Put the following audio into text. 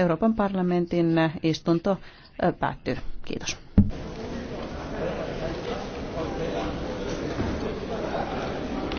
Euroopan parlamentin istunto päättyy. Kiitos.